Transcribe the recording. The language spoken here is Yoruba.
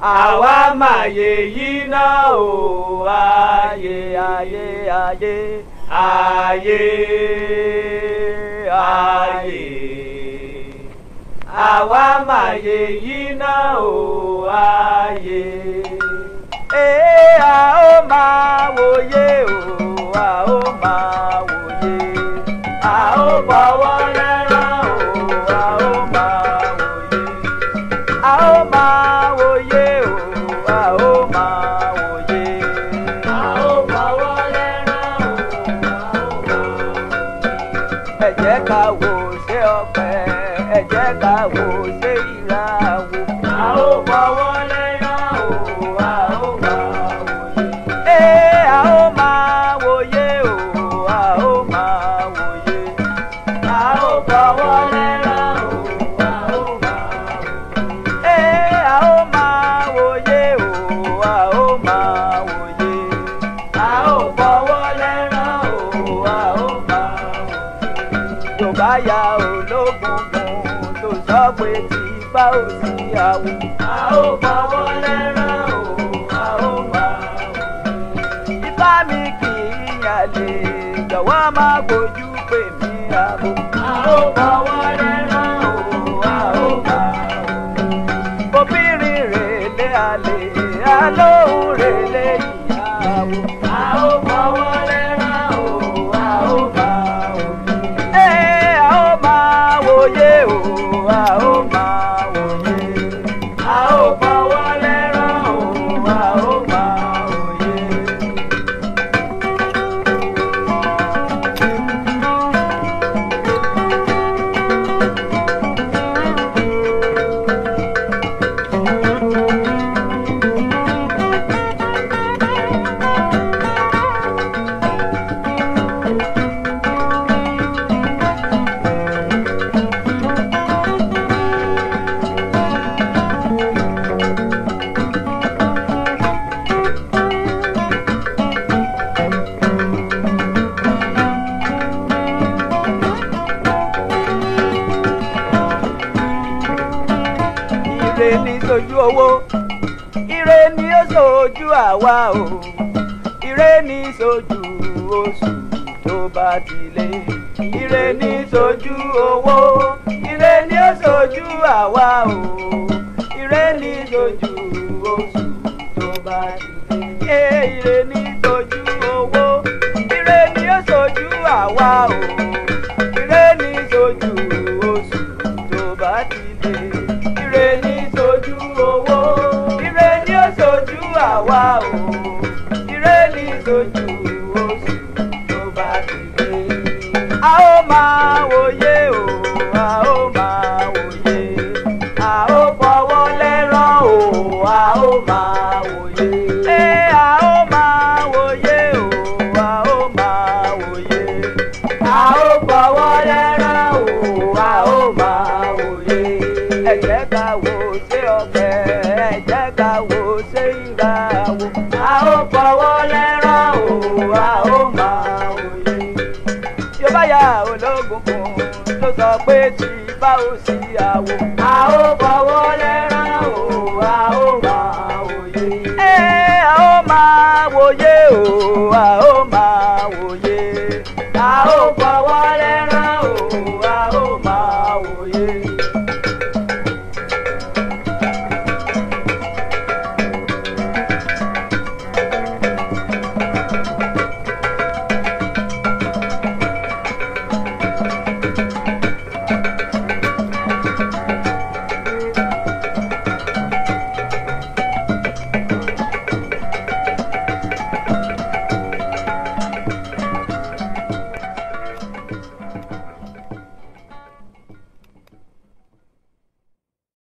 àwa màyè yìí náà o ayé ayé ayé ayé ayé àwa màyè yìí náà o ayé. ká wò ṣé ọpẹ́ ẹ jẹ́ ká wò ṣé ìràwọ̀ a ó láyà ológungun tó sọ pé ti bá ò sí àwò. a ó fọwọ́ lẹ́rán o a ó wà o. ifá mi kì í yàn lè jọ̀wọ́ máa gbójú pè mí àbò. a ó fọwọ́. sojú owó ire ni ó sojú àwa o ire ni sojú oṣù tó bá tilé ire ni sojú owó ire ni ó sojú àwa o ire ni sojú oṣù tó bá tilé ire ni sojú owó ire ni ó sojú àwa o ire ni sojú oṣù tó bá tilé. lójú oṣù tó bá ti dé. a ó máa wo. lógunbò ló sọ pé tí bá ò sí àwò. a ó bọ̀wọ́ lẹ́ràn o a ó máa wòye. ẹ a ó máa wòye o a ó máa wòye. a ó bọ̀wọ́ lẹ́ràn o a ó máa wòye.